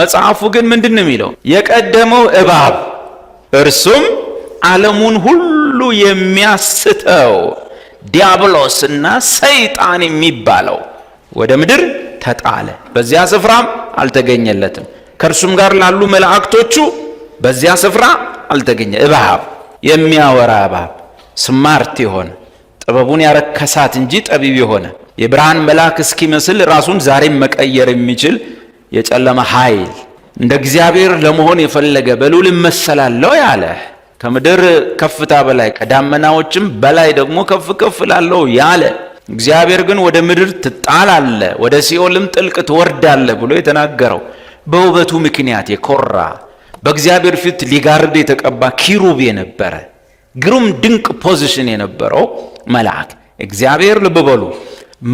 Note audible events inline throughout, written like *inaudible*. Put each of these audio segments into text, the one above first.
መጽሐፉ ግን ምንድን ነው የሚለው? የቀደመው እባብ እርሱም ዓለሙን ሁሉ የሚያስተው ዲያብሎስ እና ሰይጣን የሚባለው ወደ ምድር ተጣለ፣ በዚያ ስፍራም አልተገኘለትም። ከእርሱም ጋር ላሉ መላእክቶቹ በዚያ ስፍራ አልተገኘ። እባብ የሚያወራ እባብ ስማርት የሆነ ጥበቡን ያረከሳት እንጂ ጠቢብ የሆነ የብርሃን መልአክ እስኪመስል ራሱን ዛሬም መቀየር የሚችል የጨለመ ኃይል እንደ እግዚአብሔር ለመሆን የፈለገ በልዑል እመሰላለሁ ያለ ከምድር ከፍታ በላይ ከዳመናዎችም በላይ ደግሞ ከፍ ከፍ ላለው ያለ እግዚአብሔር ግን ወደ ምድር ትጣላለ፣ ወደ ሲኦልም ጥልቅ ትወርዳለ ብሎ የተናገረው በውበቱ ምክንያት የኮራ በእግዚአብሔር ፊት ሊጋርድ የተቀባ ኪሩብ የነበረ ግሩም ድንቅ ፖዚሽን የነበረው መልአክ እግዚአብሔር ልብ በሉ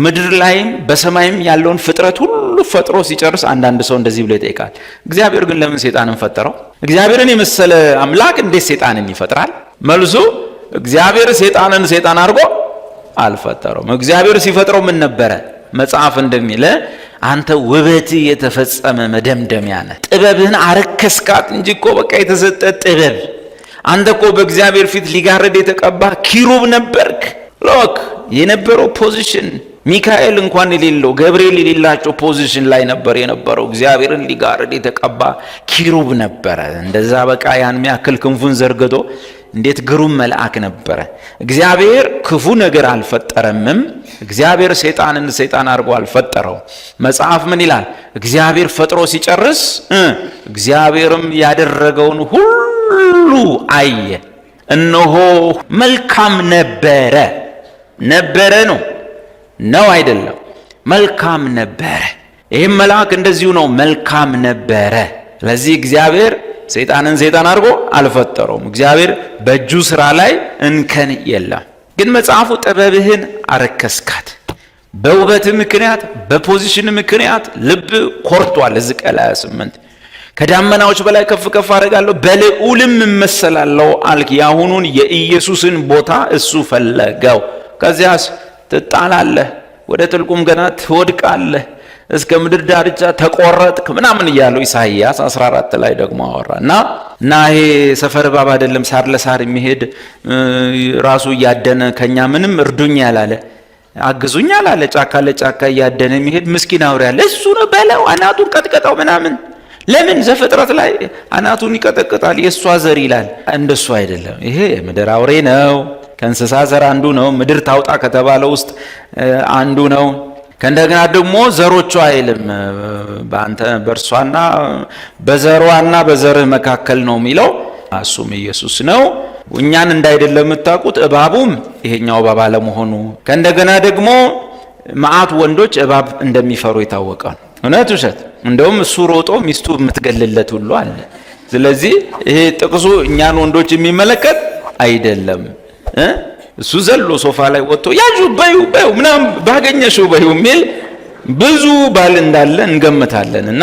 ምድር ላይም በሰማይም ያለውን ፍጥረት ሁሉ ፈጥሮ ሲጨርስ አንዳንድ ሰው እንደዚህ ብሎ ይጠይቃል፣ እግዚአብሔር ግን ለምን ሴጣንን ፈጠረው? እግዚአብሔርን የመሰለ አምላክ እንዴት ሴጣንን ይፈጥራል? መልሱ እግዚአብሔር ሴጣንን ሴጣን አድርጎ አልፈጠረውም። እግዚአብሔር ሲፈጥረው ምን ነበረ? መጽሐፍ እንደሚለ አንተ ውበት የተፈጸመ መደምደሚያ ነህ፣ ጥበብህን አረከስካት እንጂ እኮ በቃ የተሰጠ ጥበብ አንተ እኮ በእግዚአብሔር ፊት ሊጋረድ የተቀባ ኪሩብ ነበርክ። ሎክ የነበረው ፖዚሽን ሚካኤል እንኳን የሌለው ገብርኤል የሌላቸው ፖዚሽን ላይ ነበር የነበረው። እግዚአብሔርን ሊጋርድ የተቀባ ኪሩብ ነበረ። እንደዛ በቃ ያን ሚያክል ክንፉን ዘርግቶ እንዴት ግሩም መልአክ ነበረ። እግዚአብሔር ክፉ ነገር አልፈጠረምም። እግዚአብሔር ሰይጣንን ሰይጣን አድርጎ አልፈጠረው። መጽሐፍ ምን ይላል? እግዚአብሔር ፈጥሮ ሲጨርስ እግዚአብሔርም ያደረገውን ሁሉ አየ፣ እነሆ መልካም ነበረ። ነበረ ነው ነው አይደለም? መልካም ነበረ። ይህም መልአክ እንደዚሁ ነው፣ መልካም ነበረ። ስለዚህ እግዚአብሔር ሰይጣንን ሰይጣን አድርጎ አልፈጠረውም። እግዚአብሔር በእጁ ስራ ላይ እንከን የለም። ግን መጽሐፉ ጥበብህን አረከስካት። በውበት ምክንያት በፖዚሽን ምክንያት ልብ ኮርቷል። ሕዝቅኤል 28 ከዳመናዎች በላይ ከፍ ከፍ አደርጋለሁ በልዑልም እመሰላለሁ አልክ። የአሁኑን የኢየሱስን ቦታ እሱ ፈለገው። ከዚያስ ትጣላለህ፣ ወደ ጥልቁም ገና ትወድቃለህ፣ እስከ ምድር ዳርቻ ተቆረጥክ ምናምን እያለው ኢሳይያስ 14 ላይ ደግሞ አወራ እና እና ይሄ ሰፈር እባብ አይደለም ሳር ለሳር የሚሄድ ራሱ እያደነ ከኛ ምንም እርዱኝ ያላለ አግዙኝ ያላለ ጫካ ለጫካ እያደነ የሚሄድ ምስኪን አውሬ ያለ እሱ ነው በለው፣ አናቱን ቀጥቀጠው ምናምን ለምን ዘፍጥረት ላይ አናቱን ይቀጠቅጣል፣ የእሷ ዘር ይላል። እንደሱ አይደለም። ይሄ የምድር አውሬ ነው። ከእንስሳ ዘር አንዱ ነው። ምድር ታውጣ ከተባለ ውስጥ አንዱ ነው። ከእንደገና ደግሞ ዘሮቿ አይልም። በአንተ በእርሷና በዘሯና በዘርህ መካከል ነው የሚለው እሱም ኢየሱስ ነው። እኛን እንዳይደለ የምታውቁት እባቡም ይሄኛው እባብ አለመሆኑ ከእንደገና ደግሞ መዓት ወንዶች እባብ እንደሚፈሩ የታወቀ ነው። እውነት ውሸት? እንደውም እሱ ሮጦ ሚስቱ የምትገልለት ሁሉ አለ። ስለዚህ ይሄ ጥቅሱ እኛን ወንዶች የሚመለከት አይደለም። እሱ ዘሎ ሶፋ ላይ ወጥቶ ያዡ በዩ በዩ ምናም ባገኘሽው በዩ የሚል ብዙ ባል እንዳለ እንገምታለን። እና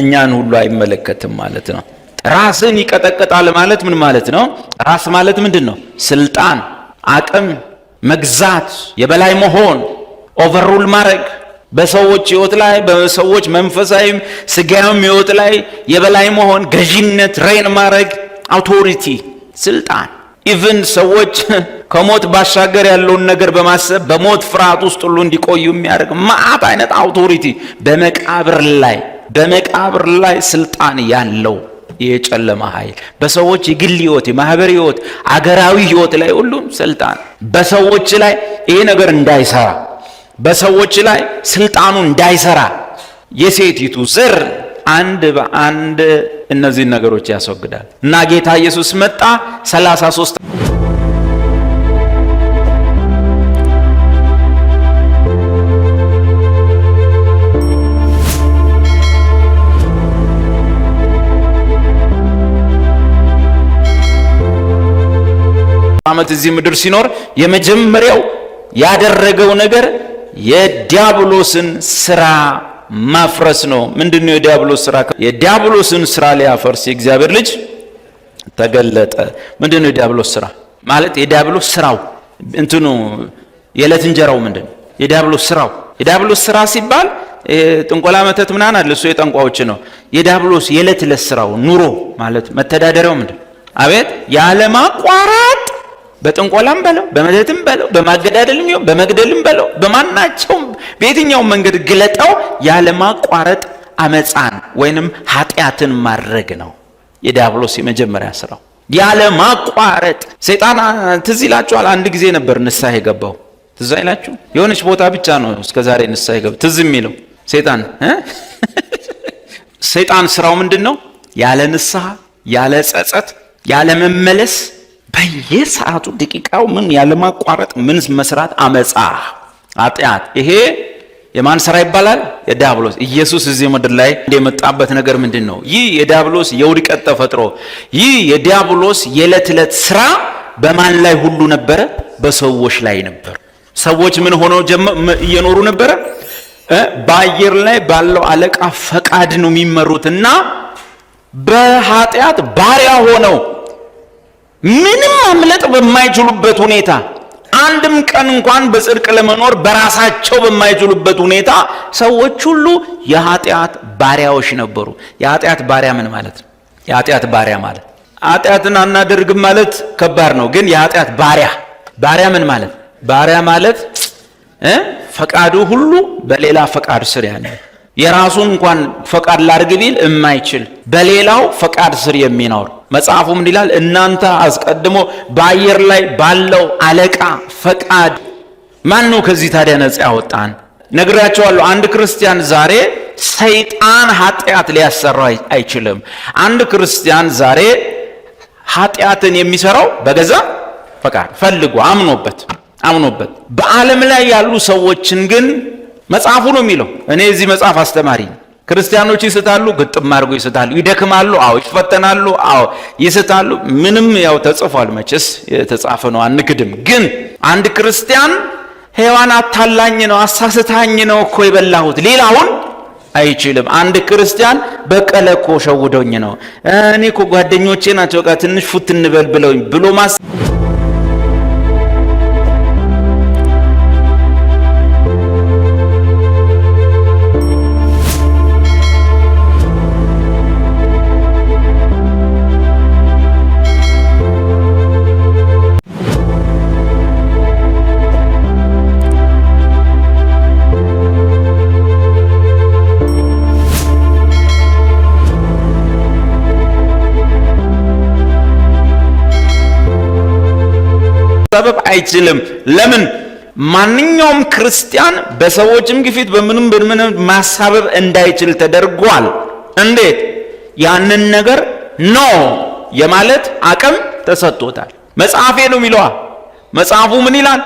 እኛን ሁሉ አይመለከትም ማለት ነው። ራስን ይቀጠቅጣል ማለት ምን ማለት ነው? ራስ ማለት ምንድን ነው? ስልጣን፣ አቅም፣ መግዛት፣ የበላይ መሆን፣ ኦቨርሩል ማድረግ በሰዎች ህይወት ላይ በሰዎች መንፈሳዊም ስጋዊም ህይወት ላይ የበላይ መሆን፣ ገዢነት፣ ሬን ማድረግ፣ አውቶሪቲ፣ ስልጣን ኢቭን ሰዎች *laughs* ከሞት ባሻገር ያለውን ነገር በማሰብ በሞት ፍርሃት ውስጥ ሁሉ እንዲቆዩ የሚያደርግ ማአት አይነት አውቶሪቲ በመቃብር ላይ በመቃብር ላይ ስልጣን ያለው የጨለማ ኃይል በሰዎች የግል ህይወት፣ የማህበር ህይወት፣ አገራዊ ህይወት ላይ ሁሉም ስልጣን በሰዎች ላይ ይሄ ነገር እንዳይሰራ በሰዎች ላይ ስልጣኑ እንዳይሰራ የሴቲቱ ዘር አንድ በአንድ እነዚህን ነገሮች ያስወግዳል እና ጌታ ኢየሱስ መጣ 33 ዓመት እዚህ ምድር ሲኖር የመጀመሪያው ያደረገው ነገር የዲያብሎስን ስራ ማፍረስ ነው። ምንድን ነው የዲያብሎስ ስራ? የዲያብሎስን ስራ ሊያፈርስ የእግዚአብሔር ልጅ ተገለጠ። ምንድን ነው የዲያብሎስ ስራ ማለት? የዲያብሎስ ስራው እንትኑ የዕለት እንጀራው ምንድን ነው? የዲያብሎስ ስራው የዲያብሎስ ስራ ሲባል ጥንቆላ፣ መተት ምናን አለ። እሱ የጠንቋዎች ነው። የዲያብሎስ የዕለት ዕለት ስራው ኑሮ ማለት መተዳደሪያው ምንድን አቤት ያለማቋረጥ በጥንቆላም በለው በመተትም በለው በማገዳደልም ይሁን በመግደልም በለው በማናቸውም በየትኛውም መንገድ ግለጠው ያለማቋረጥ አመፃን ወይንም ኃጢአትን ማድረግ ነው የዲያብሎስ የመጀመሪያ ስራው ያለ ማቋረጥ ሰይጣን ትዝ ይላችኋል አንድ ጊዜ ነበር ንሳ የገባው ትዝ አይላችሁ የሆነች ቦታ ብቻ ነው እስከ ዛሬ ንሳ የገባው ትዝ የሚለው ሰይጣን ሰይጣን ስራው ምንድን ነው ያለ ንስሐ ያለ ጸጸት ያለ መመለስ በየሰዓቱ ደቂቃው ምን ያለማቋረጥ ምን መስራት፣ አመፃ፣ ኃጢአት። ይሄ የማን ስራ ይባላል? የዲያብሎስ። ኢየሱስ እዚህ ምድር ላይ የመጣበት ነገር ምንድን ነው? ይህ የዲያብሎስ የውድቀት ተፈጥሮ፣ ይህ የዲያብሎስ የዕለት ዕለት ስራ በማን ላይ ሁሉ ነበረ? በሰዎች ላይ ነበር። ሰዎች ምን ሆኖ እየኖሩ ነበረ? በአየር ላይ ባለው አለቃ ፈቃድ ነው የሚመሩትና በኃጢአት ባሪያ ሆነው ምንም ማምለጥ በማይችሉበት ሁኔታ አንድም ቀን እንኳን በጽድቅ ለመኖር በራሳቸው በማይችሉበት ሁኔታ ሰዎች ሁሉ የኃጢአት ባሪያዎች ነበሩ። የኃጢአት ባሪያ ምን ማለት ነው? የኃጢአት ባሪያ ማለት ኃጢአትን አናደርግም ማለት ከባድ ነው። ግን የኃጢአት ባሪያ ባሪያ ምን ማለት ባሪያ ማለት ፈቃዱ ሁሉ በሌላ ፈቃድ ስር ያለ የራሱ እንኳን ፈቃድ ላድርግ ቢል የማይችል በሌላው ፈቃድ ስር የሚኖር መጽሐፉ ምን ይላል? እናንተ አስቀድሞ በአየር ላይ ባለው አለቃ ፈቃድ ማን ነው ከዚህ ታዲያ ነፃ ያወጣን? ነግሬያቸዋለሁ። አንድ ክርስቲያን ዛሬ ሰይጣን ኃጢአት ሊያሰራ አይችልም። አንድ ክርስቲያን ዛሬ ኃጢአትን የሚሰራው በገዛ ፈቃድ ፈልጎ አምኖበት አምኖበት። በዓለም ላይ ያሉ ሰዎችን ግን መጽሐፉ ነው የሚለው። እኔ የዚህ መጽሐፍ አስተማሪ ክርስቲያኖች ይስታሉ፣ ግጥም አድርጎ ይስታሉ። ይደክማሉ፣ አዎ። ይፈተናሉ፣ አዎ። ይስታሉ። ምንም ያው ተጽፏል መቼስ የተጻፈ ነው፣ አንክድም። ግን አንድ ክርስቲያን ሔዋን አታላኝ ነው አሳስታኝ ነው እኮ የበላሁት ሌላውን አይችልም። አንድ ክርስቲያን በቀለ እኮ ሸውደኝ ነው እኔ እኮ ጓደኞቼ ናቸው በቃ ትንሽ ፉት እንበል ብለውኝ ብሎ ማስ መሰበብ አይችልም። ለምን? ማንኛውም ክርስቲያን በሰዎችም ግፊት በምንም በምንም ማሳበብ እንዳይችል ተደርጓል። እንዴት? ያንን ነገር ኖ የማለት አቅም ተሰጥቶታል። መጽሐፌ ነው የሚለዋ። መጽሐፉ ምን ይላል?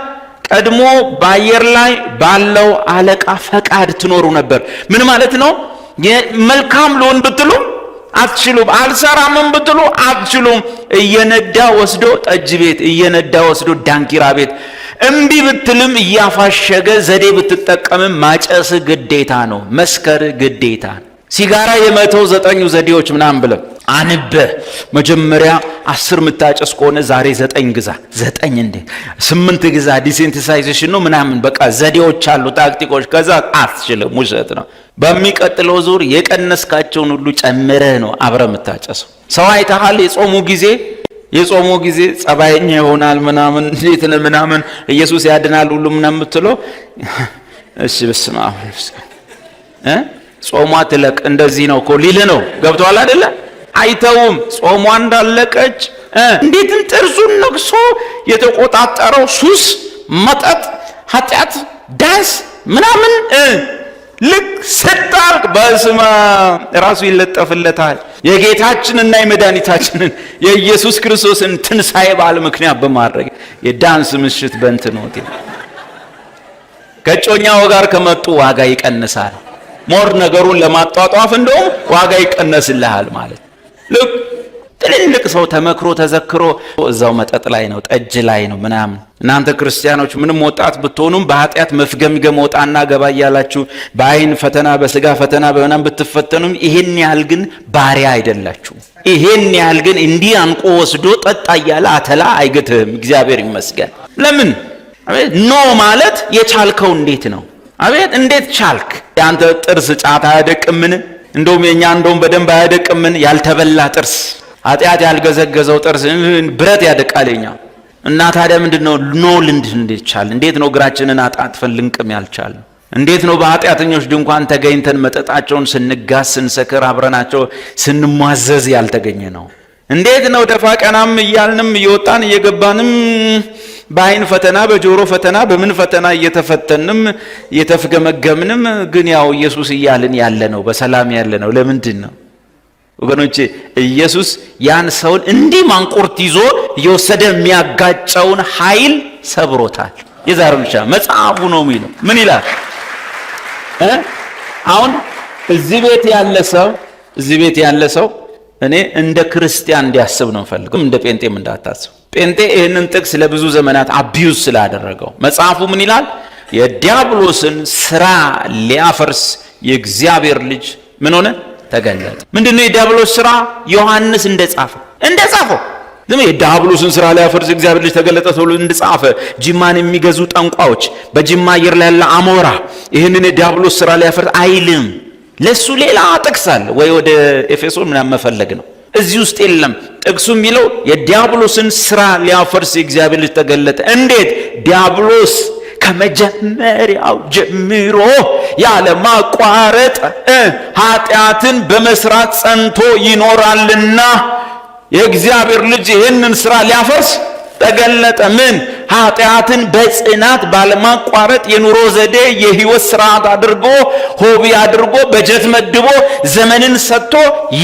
ቀድሞ በአየር ላይ ባለው አለቃ ፈቃድ ትኖሩ ነበር። ምን ማለት ነው? መልካም ልሆን ብትሉም አትችሉም። አልሰራምን ብትሉ አትችሉም። እየነዳ ወስዶ ጠጅ ቤት፣ እየነዳ ወስዶ ዳንኪራ ቤት፣ እምቢ ብትልም እያፋሸገ ዘዴ ብትጠቀምም ማጨስ ግዴታ ነው፣ መስከር ግዴታ ሲጋራ የመቶ ዘጠኙ ዘዴዎች ምናምን ብለ አንበ መጀመሪያ አስር ምታጨስ ከሆነ ዛሬ ዘጠኝ ግዛ፣ ዘጠኝ እንዴ ስምንት ግዛ። ዲሴንቲሳይዜሽን ነው ምናምን፣ በቃ ዘዴዎች አሉ፣ ታክቲኮች። ከዛ አትችልም፣ ውሸት ነው። በሚቀጥለው ዙር የቀነስካቸውን ሁሉ ጨምረህ ነው አብረ የምታጨሰው። ሰው አይተሃል። የጾሙ ጊዜ የጾሙ ጊዜ ጸባይኛ ይሆናል ምናምን እንዴት ምናምን ኢየሱስ ያድናል ሁሉም ነው የምትለው እሺ፣ በስመ አብ እ ጾሟ ትለቅ እንደዚህ ነው እኮ ሊል ነው። ገብቶሃል አይደለ? አይተውም ጾሟ እንዳለቀች እንዴትም ጥርሱን ነክሶ የተቆጣጠረው ሱስ፣ መጠጥ፣ ኃጢአት፣ ዳንስ ምናምን ልክ ስታልቅ በስማ ራሱ ይለጠፍለታል። የጌታችንና የመድኃኒታችንን የኢየሱስ ክርስቶስን ትንሣኤ በዓል ምክንያት በማድረግ የዳንስ ምሽት በእንትን ከጮኛው ጋር ከመጡ ዋጋ ይቀንሳል። ሞር ነገሩን ለማጧጧፍ እንደውም ዋጋ ይቀነስልሃል ማለት ልክ ትልልቅ ሰው ተመክሮ ተዘክሮ እዛው መጠጥ ላይ ነው፣ ጠጅ ላይ ነው ምናምን። እናንተ ክርስቲያኖች ምንም ወጣት ብትሆኑም በኃጢአት መፍገምገም ወጣና ገባ እያላችሁ በአይን ፈተና፣ በስጋ ፈተና በምናም ብትፈተኑም ይሄን ያህል ግን ባሪያ አይደላችሁ። ይሄን ያህል ግን እንዲህ አንቆ ወስዶ ጠጣ እያለ አተላ አይገትህም። እግዚአብሔር ይመስገን። ለምን ኖ ማለት የቻልከው እንዴት ነው? አቤት እንዴት ቻልክ? የአንተ ጥርስ ጫት አያደቅምን? እንደውም የእኛ እንደውም በደንብ አያደቅምን? ያልተበላ ጥርስ ኃጢአት ያልገዘገዘው ጥርስ ብረት ያደቃለኛ እና ታዲያ ምንድን ነው ኖ ልንድን ይቻል? እንዴት ነው እግራችንን አጣጥፈን ልንቅም ያልቻል? እንዴት ነው በኃጢአተኞች ድንኳን ተገኝተን መጠጣቸውን ስንጋስ ስንሰክር አብረናቸው ስንሟዘዝ ያልተገኘ ነው? እንዴት ነው ደፋ ቀናም እያልንም እየወጣን እየገባንም በአይን ፈተና በጆሮ ፈተና በምን ፈተና እየተፈተንም እየተፍገመገምንም ግን ያው ኢየሱስ እያልን ያለ ነው በሰላም ያለ ነው ለምንድን ነው? ወገኖቼ ኢየሱስ ያን ሰውን እንዲህ ማንቆርት ይዞ እየወሰደ የሚያጋጨውን ኃይል ሰብሮታል። የዛሬው ብቻ መጽሐፉ ነው የሚለው ምን ይላል? አሁን እዚህ ቤት ያለ ሰው እዚህ ቤት ያለ ሰው እኔ እንደ ክርስቲያን እንዲያስብ ነው ፈልገው፣ እንደ ጴንጤም እንዳታስብ። ጴንጤ ይህንን ጥቅስ ለብዙ ዘመናት አቢዩዝ ስላደረገው መጽሐፉ ምን ይላል? የዲያብሎስን ስራ ሊያፈርስ የእግዚአብሔር ልጅ ምን ሆነ ተገለጠ። ምንድነው የዲያብሎስ ስራ? ዮሐንስ እንደጻፈ ጻፈ ዝም የዲያብሎስን ስራ ሊያፈርስ እግዚአብሔር ልጅ ተገለጠ ተብሎ እንደጻፈ ጅማን የሚገዙ ጠንቋዎች፣ በጅማ አየር ላይ ያለ አሞራ ይህንን የዲያብሎስ ስራ ሊያፈርስ አይልም። ለሱ ሌላ ጥቅስ አለ ወይ ወደ ኤፌሶን ምናምን መፈለግ ነው። እዚህ ውስጥ የለም። ጥቅሱ የሚለው የዲያብሎስን ስራ ሊያፈርስ እግዚአብሔር ልጅ ተገለጠ። እንዴት ዲያብሎስ ከመጀመሪያው ጀምሮ ያለ ማቋረጥ ኃጢአትን በመስራት ጸንቶ ይኖራልና የእግዚአብሔር ልጅ ይህንን ስራ ሊያፈርስ ተገለጠ። ምን ኃጢአትን በጽናት ባለማቋረጥ የኑሮ ዘዴ የህይወት ስርዓት አድርጎ ሆቢ አድርጎ በጀት መድቦ ዘመንን ሰጥቶ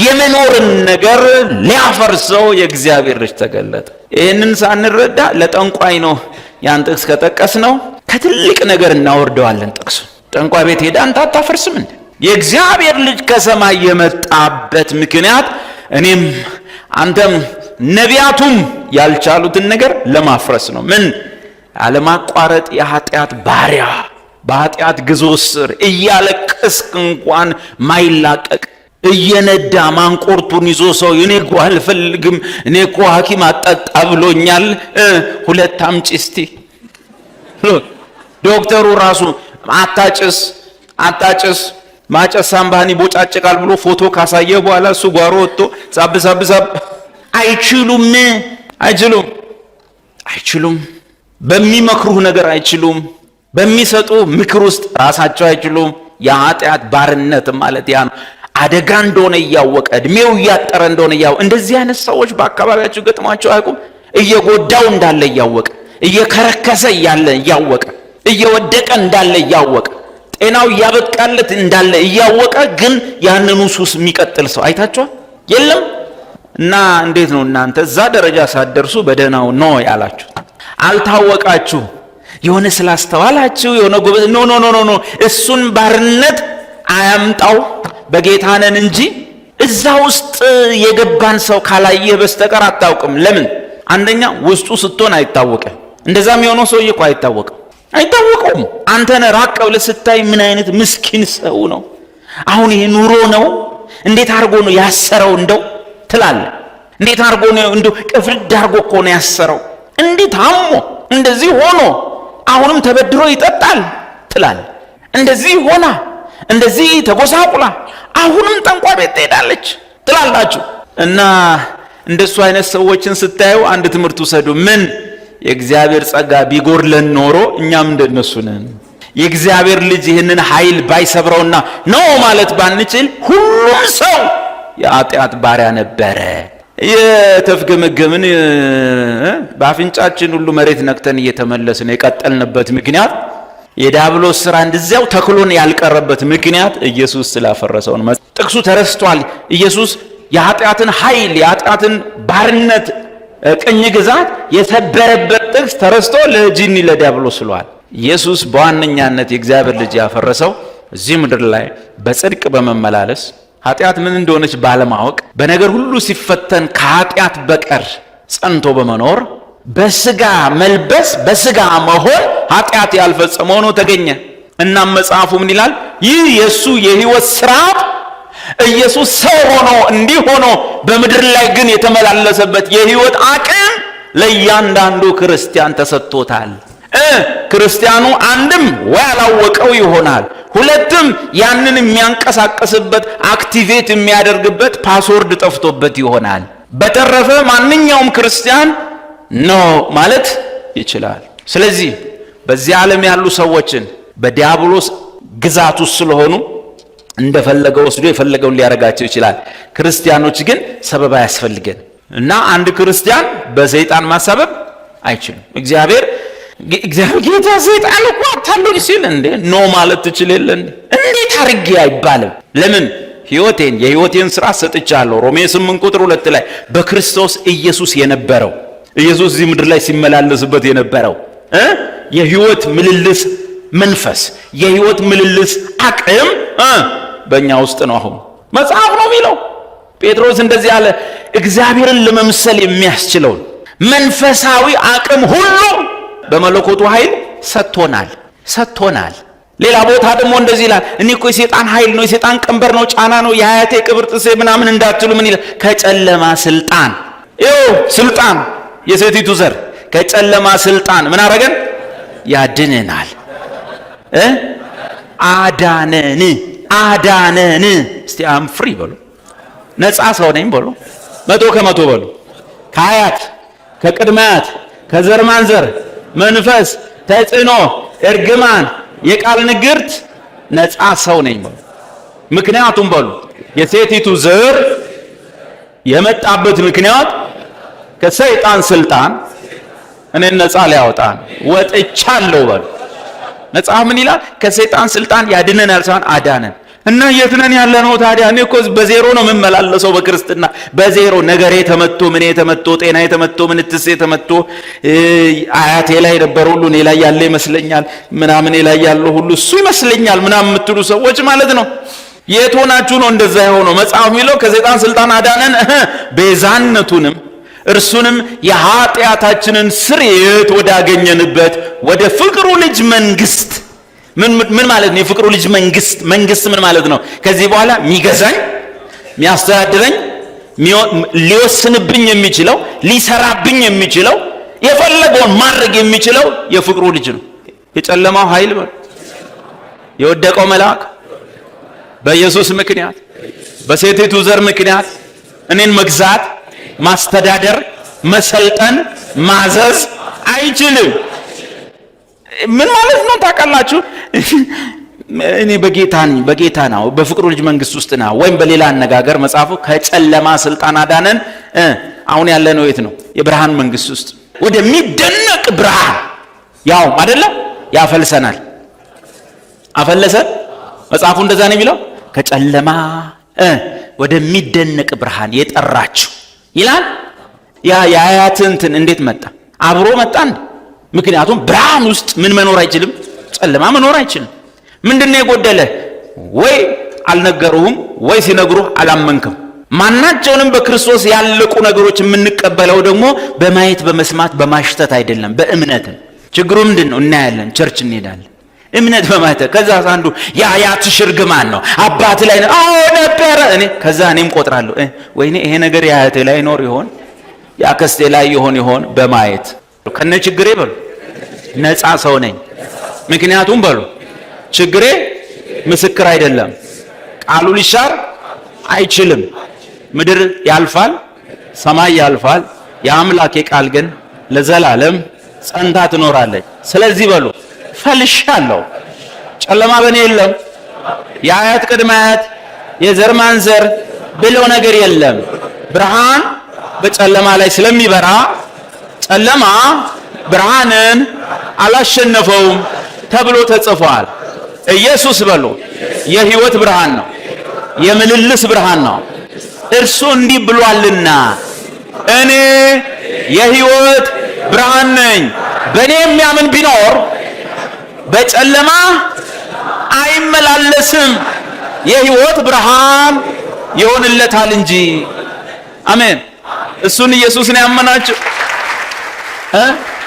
የመኖርን ነገር ሊያፈርሰው የእግዚአብሔር ልጅ ተገለጠ። ይህንን ሳንረዳ ለጠንቋይ ነው ያን ጥቅስ ከጠቀስ ነው ከትልቅ ነገር እናወርደዋለን። ጥቅሱ ጠንቋ ቤት ሄዳ አንተ አታፈርስም የእግዚአብሔር ልጅ ከሰማይ የመጣበት ምክንያት እኔም አንተም ነቢያቱም ያልቻሉትን ነገር ለማፍረስ ነው። ምን አለማቋረጥ የኃጢአት ባሪያ በኃጢአት ግዞ ስር እያለቀስክ እንኳን ማይላቀቅ እየነዳ ማንቆርቱን ይዞ ሰው እኔ እኮ አልፈልግም፣ እኔ እኮ ሐኪም አጠጣ ብሎኛል፣ ሁለት አምጪ እስቲ ዶክተሩ ራሱ አታጭስ አታጭስ ማጨስ ሳምባህን ይቦጫጭቃል ብሎ ፎቶ ካሳየ በኋላ እሱ ጓሮ ወጥቶ ጻብ ጻብ ጻብ አይችሉም አይችሉም አይችሉም በሚመክሩህ ነገር አይችሉም በሚሰጡ ምክር ውስጥ ራሳቸው አይችሉም የኃጢአት ባርነት ማለት ያ ነው አደጋ እንደሆነ እያወቀ እድሜው እያጠረ እንደሆነ እያወቀ እንደዚህ አይነት ሰዎች በአካባቢያቸው ገጥሟቸው አያውቁም እየጎዳው እንዳለ እያወቀ እየከረከሰ እያለ እያወቀ እየወደቀ እንዳለ እያወቀ ጤናው እያበቃለት እንዳለ እያወቀ ግን ያንኑ ሱስ የሚቀጥል ሰው አይታችኋል? የለም። እና እንዴት ነው እናንተ እዛ ደረጃ ሳደርሱ በደህናው ኖ ያላችሁ አልታወቃችሁ የሆነ ስላስተዋላችሁ የሆነ ጎበዝ ኖ ኖ ኖ ኖ፣ እሱን ባርነት አያምጣው በጌታነን እንጂ እዛ ውስጥ የገባን ሰው ካላየህ በስተቀር አታውቅም። ለምን? አንደኛ ውስጡ ስትሆን አይታወቅም። እንደዛም የሆነው ሰውዬ እኮ አይታወቅም። አይታወቀውም። አንተን ራቅ ብለህ ስታይ ምን አይነት ምስኪን ሰው ነው፣ አሁን ይሄ ኑሮ ነው፣ እንዴት አድርጎ ነው ያሰረው እንደው ትላለህ። እንዴት አድርጎ ነው እንደው ቅፍርድ አድርጎ እኮ ነው ያሰረው፣ እንዴት አሞ እንደዚህ ሆኖ አሁንም ተበድሮ ይጠጣል ትላለህ። እንደዚህ ሆና እንደዚህ ተጎሳቁላ አሁንም ጠንቋ ቤት ትሄዳለች ትላላችሁ። እና እንደሱ አይነት ሰዎችን ስታዩ አንድ ትምህርት ውሰዱ። ምን የእግዚአብሔር ጸጋ ቢጎድለን ኖሮ እኛም እንደነሱ ነን። የእግዚአብሔር ልጅ ይህንን ኃይል ባይሰብረውና ነው ማለት ባንችል ሁሉም ሰው የአጢአት ባሪያ ነበረ። የተፍገመገምን በአፍንጫችን ሁሉ መሬት ነክተን እየተመለስን የቀጠልንበት ምክንያት የዲያብሎስ ስራ እንደዚያው ተክሎን ያልቀረበት ምክንያት ኢየሱስ ስላፈረሰውን ጥቅሱ ተረስቷል። ኢየሱስ የኃጢአትን ኃይል የኃጢአትን ባርነት ቅኝ ግዛት የሰበረበት ጥቅስ ተረስቶ ለጂኒ ለዲያብሎስ ስሏል። ኢየሱስ በዋነኛነት የእግዚአብሔር ልጅ ያፈረሰው እዚህ ምድር ላይ በጽድቅ በመመላለስ ኃጢአት ምን እንደሆነች ባለማወቅ በነገር ሁሉ ሲፈተን ከኃጢአት በቀር ጸንቶ በመኖር በስጋ መልበስ በስጋ መሆን ኃጢአት ያልፈጸመ ሆኖ ተገኘ። እናም መጽሐፉ ምን ይላል? ይህ የእሱ የህይወት ስርዓት ኢየሱስ ሰው ሆኖ እንዲህ ሆኖ በምድር ላይ ግን የተመላለሰበት የህይወት አቅም ለእያንዳንዱ ክርስቲያን ተሰጥቶታል። ክርስቲያኑ አንድም ወይ ያላወቀው ይሆናል፣ ሁለትም ያንን የሚያንቀሳቀስበት አክቲቬት የሚያደርግበት ፓስወርድ ጠፍቶበት ይሆናል። በተረፈ ማንኛውም ክርስቲያን ነው ማለት ይችላል። ስለዚህ በዚህ ዓለም ያሉ ሰዎችን በዲያብሎስ ግዛት ውስጥ ስለሆኑ እንደፈለገው ወስዶ የፈለገውን ሊያደርጋቸው ይችላል። ክርስቲያኖች ግን ሰበብ አያስፈልገን እና አንድ ክርስቲያን በሰይጣን ማሳበብ አይችልም። እግዚአብሔር እግዚአብሔር ጌታ ሰይጣን እኮ አታለኝ ሲል እንዴ ኖ ማለት ትችል የለ እንዴት አርጌ አይባልም። ለምን ህይወቴን የህይወቴን ስራ ሰጥቻለሁ። ሮሜ ስምንት ቁጥር ሁለት ላይ በክርስቶስ ኢየሱስ የነበረው ኢየሱስ እዚህ ምድር ላይ ሲመላለስበት የነበረው የህይወት ምልልስ መንፈስ የህይወት ምልልስ አቅም በእኛ ውስጥ ነው። አሁን መጽሐፍ ነው የሚለው። ጴጥሮስ እንደዚህ አለ፣ እግዚአብሔርን ለመምሰል የሚያስችለውን መንፈሳዊ አቅም ሁሉ በመለኮቱ ኃይል ሰጥቶናል ሰጥቶናል። ሌላ ቦታ ደግሞ እንደዚህ ይላል፣ እኔ እኮ የሴጣን ኃይል ነው የሴጣን ቀንበር ነው ጫና ነው የአያቴ ቅብር ጥሴ ምናምን እንዳትሉ ምን ይላል? ከጨለማ ስልጣን ይው ስልጣን የሴቲቱ ዘር ከጨለማ ስልጣን ምን አረገን? ያድንናል፣ አዳነን። አዳነን። እስቲ አም ፍሪ በሉ፣ ነፃ ሰው ነኝ በሉ፣ መቶ ከመቶ በሉ፣ ከአያት ከቅድማያት ከዘር ማንዘር መንፈስ ተጽዕኖ እርግማን የቃል ንግርት ነፃ ሰው ነኝ በሉ። ምክንያቱም በሉ የሴቲቱ ዘር የመጣበት ምክንያት ከሰይጣን ስልጣን እኔን ነፃ ሊያወጣን ወጥቻለሁ በሉ። መጽሐፍ ምን ይላል? ከሰይጣን ስልጣን ያድነናል ሳይሆን አዳነን። እና የት ነን ያለ ነው ታዲያ? እኔ እኮ በዜሮ ነው የምመላለሰው በክርስትና በዜሮ ነገሬ ተመቶ ምኔ ተመቶ ጤና የተመቶ ምንትሴ ተመቶ አያቴ ላይ የነበረ ሁሉ እኔ ላይ ያለ ይመስለኛል ምናምን ላይ ያለው ሁሉ እሱ ይመስለኛል ምናምን የምትሉ ሰዎች ማለት ነው። የት ሆናችሁ ነው እንደዛ የሆነው? መጽሐፍ የሚለው ከሰይጣን ስልጣን አዳነን ቤዛነቱንም እርሱንም የኃጢአታችንን ስርየት ወዳገኘንበት ወደ ፍቅሩ ልጅ መንግስት ምን ማለት ነው? የፍቅሩ ልጅ መንግስት መንግስት ምን ማለት ነው? ከዚህ በኋላ የሚገዛኝ የሚያስተዳድረኝ ሊወስንብኝ የሚችለው ሊሰራብኝ የሚችለው የፈለገውን ማድረግ የሚችለው የፍቅሩ ልጅ ነው። የጨለማው ኃይል የወደቀው መልአክ በኢየሱስ ምክንያት በሴቲቱ ዘር ምክንያት እኔን መግዛት፣ ማስተዳደር፣ መሰልጠን፣ ማዘዝ አይችልም። ምን ማለት ነው ታውቃላችሁ? እኔ በጌታ ነኝ፣ በጌታ ነው፣ በፍቅሩ ልጅ መንግስት ውስጥ ነው። ወይም በሌላ አነጋገር መጽሐፉ ከጨለማ ስልጣን አዳነን። አሁን ነው የት ነው? የብርሃን መንግስት ውስጥ ወደሚደነቅ ብርሃን ያው አይደለም ያፈልሰናል። አፈለሰን መጽሐፉ እንደዛ ነው የሚለው ከጨለማ ወደሚደነቅ ብርሃን የጠራችው ይላል። ያ የአያትንትን እንዴት መጣ? አብሮ መጣ። ምክንያቱም ብርሃን ውስጥ ምን መኖር አይችልም፣ ጨለማ መኖር አይችልም። ምንድን ነው የጎደለ? ወይ አልነገሩህም፣ ወይ ሲነግሩህ አላመንክም። ማናቸውንም በክርስቶስ ያለቁ ነገሮች የምንቀበለው ደግሞ በማየት በመስማት በማሽተት አይደለም፣ በእምነት ችግሩ ምንድን ነው? እናያለን፣ ቸርች እንሄዳለን፣ እምነት በማየት ከዛ አንዱ ያ ያ ትሽርግማን ነው አባት ላይ ነው። ነበረ እኔ ከዛ እኔም ቆጥራለሁ፣ ወይኔ ይሄ ነገር ያህቴ ላይ ኖር ይሆን የአክስቴ ላይ ይሆን ይሆን በማየት ከነ ችግሬ በሉ ነፃ ሰው ነኝ። ምክንያቱም በሉ ችግሬ ምስክር አይደለም፣ ቃሉ ሊሻር አይችልም። ምድር ያልፋል፣ ሰማይ ያልፋል፣ የአምላኬ ቃል ግን ለዘላለም ጸንታ ትኖራለች። ስለዚህ በሉ ፈልሻለሁ። ጨለማ በእኔ የለም። የአያት ቅድመ አያት የዘር ማንዘር ብለው ነገር የለም። ብርሃን በጨለማ ላይ ስለሚበራ ጨለማ ብርሃንን አላሸነፈውም ተብሎ ተጽፏል። ኢየሱስ በሉ የህይወት ብርሃን ነው፣ የምልልስ ብርሃን ነው። እርሱ እንዲህ ብሏልና እኔ የህይወት ብርሃን ነኝ፣ በእኔ የሚያምን ቢኖር በጨለማ አይመላለስም፣ የህይወት ብርሃን ይሆንለታል እንጂ። አሜን። እሱን ኢየሱስን ያመናችሁ 嗯。